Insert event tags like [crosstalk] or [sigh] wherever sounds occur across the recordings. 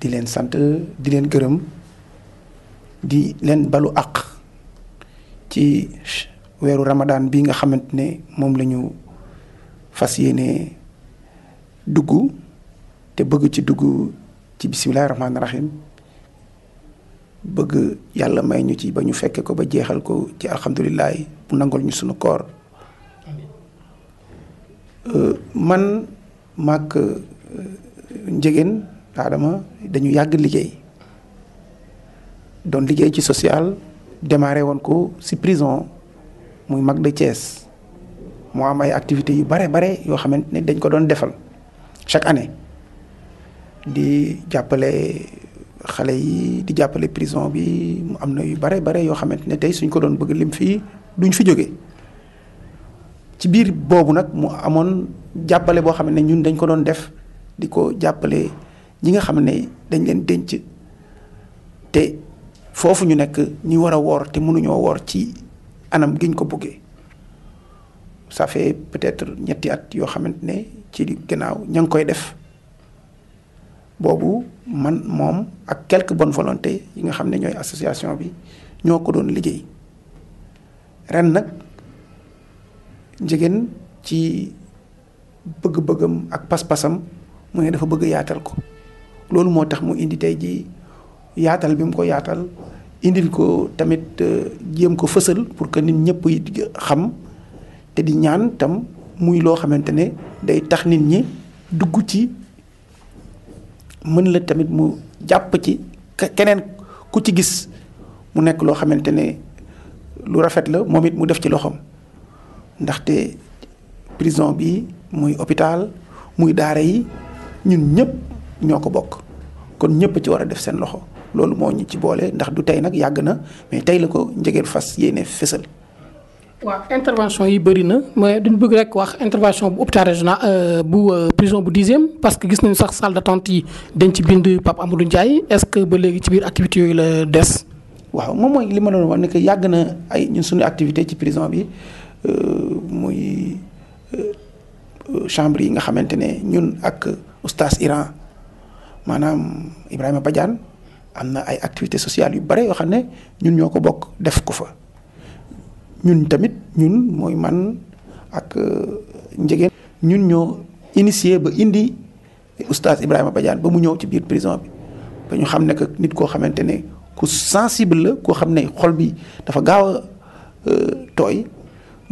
di len sante di len gërëm di len balu ak, ci wéru ramadan bi nga xamantene ne lañu la dugu, fas te bëgg ci duggu ci bismillahir rahmanir rahim bëgg yalla may ñu ci bañu fekke ko ba jéxal ko ci alhamdullilah bu nangol ñu suñu koor euh, man mak euh, njegen adama dañu yàgg liggéey doon liggéey ci social démarré woon ko si prison muy mag de Thiès mu am ay activités yu bare bare yoo xamante ne dañ ko doon defal chaque année di jàppale xale yi di jàppale prison bi mu am na yu bare bare yoo xamante ne tey suñ ko doon bëgg lim fii duñ fi jóge ci biir boobu nag mu amoon jàppale boo ne ñun dañ ko doon def di ko ñi nga xam ne dañ leen denc te foofu ñu nekk ñi war a woor te mënuñoo woor ci anam giñ ko buggee ça fait peut-être ñetti at yoo xamante ne ci gannaaw ña ngi koy def boobu man moom ak quelque bonne volonté yi nga xam ne ñooy association bi ñoo ko doon liggéey ren nag njigéen ci bëgg-bëggam ak pas-pasam mu ne dafa bëgg yaatal ko loolu moo tax mu indi tey ji yaatal bi mu ko yaatal indil ko tamit euh, jéem ko fësal pour que nit ñëpp yi xam te di ñaan tam muy loo xamante ne day tax nit ñi dugg ci mën la tamit mu jàpp ci keneen ku ci gis mu nekk loo xamante ne lu rafet la moom it mu def ci loxoom ndaxte prison bi muy hôpital muy daara yi ñun ñëpp ñoko bok kon ñepp ci wara def seen loxo loolu moo ñu ci boole ndax du tey nag yàgg na mais tey la ko Ndiéguène Fass yéene fësal. waaw intervention yi bëri na mais duñ bëgg rek wax intervention bu hôpital régional euh, bu euh, prison bu dixième parce que gis nañu sax salle d'attente yi dañ ci bind Pape Amadou Ndiaye est-ce que ba léegi ci biir activité yooyu la des. waaw moom mooy li ma doon wax ne que yàgg na ay ñun suñu activité ci prison bi euh, muy chambre yi nga xamante ne ñun ak oustaz Iran. manam Ibrahima Badiane am na ay activités sociales yu bare yoo xam ne ñun def ko fa ñun tamit ñun mooy man ak euh, njegeen ñun ñoo initié ba indi oustaz Ibrahima Badiane ba mu ñëw ci biir prison bi ba ñu xam ne nit koo xamante ne ku sensible la koo xam xol bi dafa gaaw a euh, toy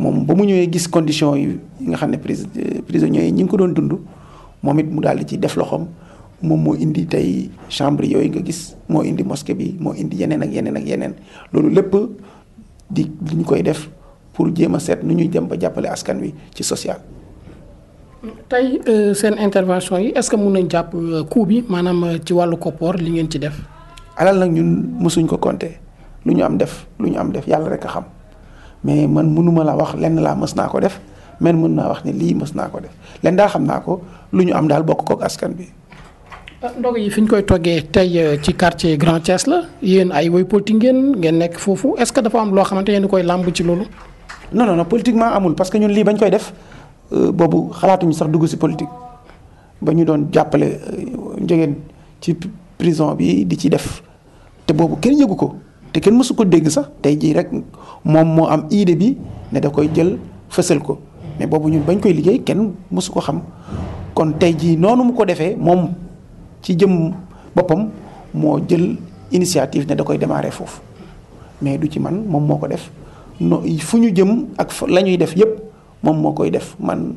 moom ba mu ñëwee gis condition yi nga xam ne prisonniers ko doon dund mu ci def loxoom moom moo indi tey chambre yooyu nga gis moo indi mosquée bi moo indi yeneen ak yeneen ak yeneen loolu lépp di liñ koy def pour jéem a seet nu ñuy dem ba jàppale askan wi ci social tey euh, seen intervention yi est ce que mun nañ jàpp euh, coup bi maanaam euh, ci wàllu koppoor li ngeen ci def alal nag ñun mësuñ ko compter lu ñu am def lu ñu am def yàlla rek a xam mais man mënuma la wax lenn laa mës ko def men mën naa wax ne lii mës ko def lenn da xam naa ko lu ñu am daal bokk kook askan bi Ah, ndog yi fi ñu koy toggee tey euh, ci quartier Grand Thiès la yéen ay woy politique ngeen ngeen nekk foofu est-ce que dafa am loo xamante ne koy lamb ci loolu. non non non politiquement amul parce que ñun lii bañ koy def euh, boobu xalaatuñu sax dugg si politique ba ñu doon jàppale euh, njëgeen ci prison bi di ci def te boobu kenn yëgu ko te kenn mësu ko dégg sax tey jii rek moom moo am idée bi ne da koy jël fësal ko mais boobu ñun bañ koy liggéey kenn mësu ko xam kon tey jii noonu mu ko defee moom. ci jëm boppam moo jël initiative ne da koy démarrer foofu mais du ci man moom moo ko def no fu ñu jëm ak la ñuy def yépp moom moo koy def man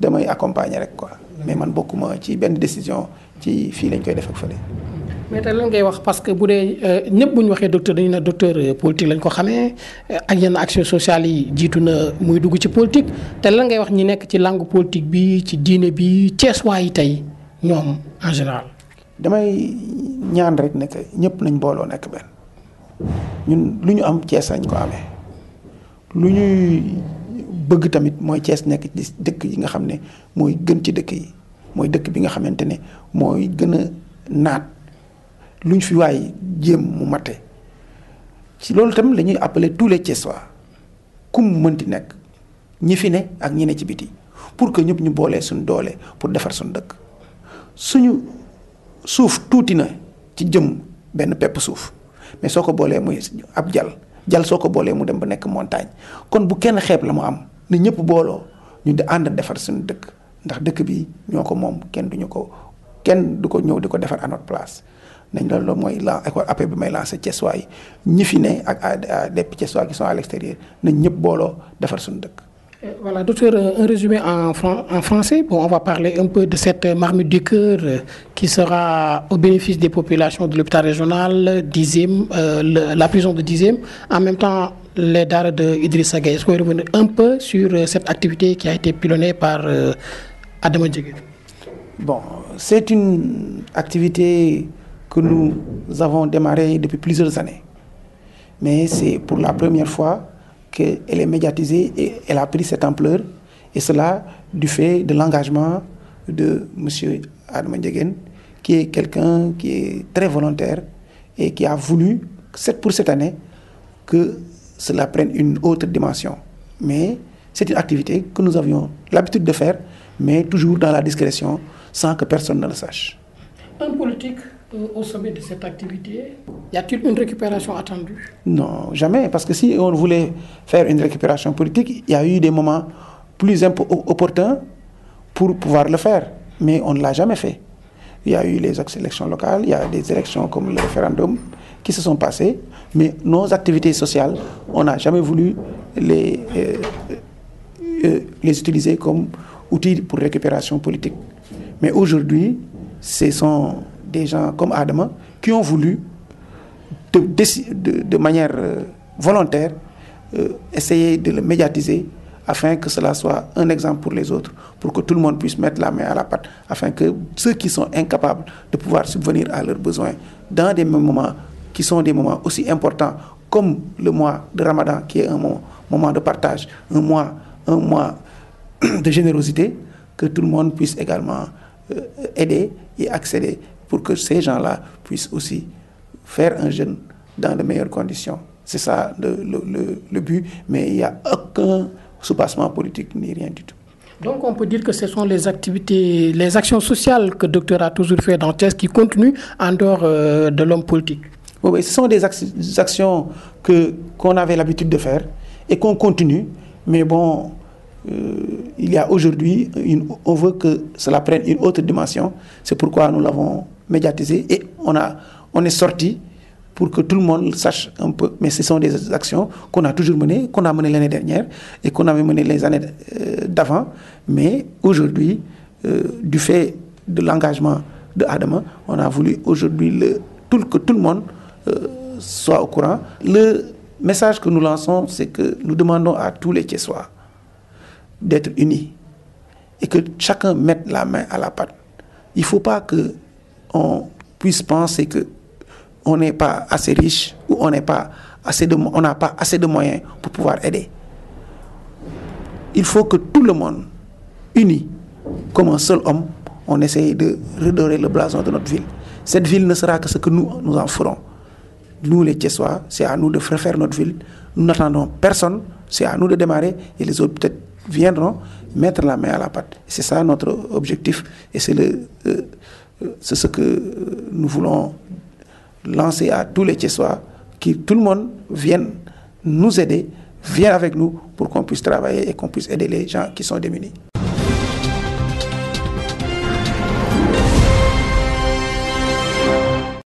damay accompagner rek quoi mais man bokkuma ci benn décision ci fii lañ koy def ak fële. mais te lan ngay wax parce que bu dee euh, ñëpp bu ñu waxee docteur dañu ne docteur euh, politique lañ ko xamee euh, ak yenn action sociale yi jiitu na muy dugg ci politique te lan ngay wax ñi nekk ci langue politique bi ci diine bi ceesuwaay yi tey ñoom en général. damay ñaan rek ne ñëpp nañ booloo nekk benn ñun lu ñu am Cees lañ ko amee lu ñuy bëgg tamit mooy Cees nekk ci dëkk yi nga xam ne mooy gën ci dëkk yi mooy dëkk bi nga xamante ne mooy gën a naat lu ñu fi waay jéem mu matte ci loolu tam lañuy ñuy appeler tous les Thiessois kum mënti nekk ñi fi ne ak ñi ne ci biti pour que ñëpp ñu boolee suñ doole pour defar suñ dëkk suñu suuf tuuti na ci jëm benn pepp suuf mais soo ko boolee muy ab jal jal soo ko boolee mu dem ba nekk montagne kon bu kenn xeeb la mu am na ñëpp booloo ñu di ànd defar suñu dëkk ndax dëkk bi ñoo ko moom kenn duñu ko kenn du ko ñëw di ko defar à notre place nañ loolu loolu mooy la appel bi may lancé Thiessois yi ñi fi ne ak à des Thiessois qui sont à l'extérieur nañ ñëpp booloo defar suñu dëkk. Euh, voilà, docteur, euh, un résumé en, français. on va parler un peu de cette euh, marmite du cœur qui sera au bénéfice des populations de l'hôpital régional, la prison de dixième. En même temps, les dards de Idrissa Gueye. Est-ce revenir un peu sur cette activité qui a été pilonnée par Adama Adam Bon, c'est une activité que nous avons démarrée depuis plusieurs années. Mais c'est pour la première fois qu'elle est médiatisée et elle a pris cette ampleur. Et cela du fait de l'engagement de M. Armand Degen, qui est quelqu'un qui est très volontaire et qui a voulu, pour cette année, que cela prenne une autre dimension. Mais c'est une activité que nous avions l'habitude de faire, mais toujours dans la discrétion, sans que personne ne le sache. Un politique au sommet de cette activité Y a-t-il une récupération attendue Non, jamais. Parce que si on voulait faire une récupération politique, il y a eu des moments plus opportuns pour pouvoir le faire. Mais on ne l'a jamais fait. Il y a eu les élections locales, il y a des élections comme le référendum qui se sont passées. Mais nos activités sociales, on n'a jamais voulu les, euh, euh, les utiliser comme outil pour récupération politique. Mais aujourd'hui, ce sont des gens comme Adama qui ont voulu, de, manière euh, volontaire, euh, essayer de le médiatiser afin que cela soit un exemple pour les autres, pour que tout le monde puisse mettre la main à la pâte, afin que ceux qui sont incapables de pouvoir subvenir à leurs besoins dans des moments qui sont des moments aussi importants comme le mois de Ramadan, qui est un moment, de partage, un mois, un mois [clears throat] de générosité, que tout le monde puisse également euh, aider et accéder pour que ces gens-là puissent aussi faire un jeûne dans de meilleures conditions. C'est ça le, but, mais il n'y a aucun soupassement politique ni rien du tout. Donc on peut dire que ce sont les activités, les actions sociales que le docteur a toujours fait dans Thiès qui continuent en dehors euh, de l'homme politique. Oui, ce sont des, actions que, qu'on avait l'habitude de faire et qu'on continue, mais bon, euh, il y a aujourd'hui, on veut que cela prenne une autre dimension, c'est pourquoi nous l'avons médiatisé et on, a, on est sorti pour que tout le monde sache un peu. Mais ce sont des actions qu'on a toujours menées, qu'on a menées l'année dernière et qu'on avait menées les années euh, d'avant. Mais aujourd'hui, euh, du fait de l'engagement de Adama, on a voulu aujourd'hui tout, que tout le monde euh, soit au courant. Le message que nous lançons, c'est que nous demandons à tous les soient d'être unis et que chacun mette la main à la pâte. Il ne faut pas que on puisse penser que on n'est pas assez riche ou on n'est pas assez de, on n'a pas assez de moyens pour pouvoir aider. Il faut que tout le monde, uni, comme un seul homme, on essaye de redorer le blason de notre ville. Cette ville ne sera que ce que nous, nous en ferons. Nous, les Tchessois, c'est à nous de refaire notre ville. Nous n'attendons personne, c'est à nous de démarrer et les autres peut-être viendront mettre la main à la pâte. C'est ça notre objectif et c'est le, euh, euh, c'est ce que euh, nous voulons lancer à tous les Tchessois, que tout le monde vienne nous aider, vienne avec nous pour qu'on puisse travailler et qu'on puisse aider les gens qui sont démunis.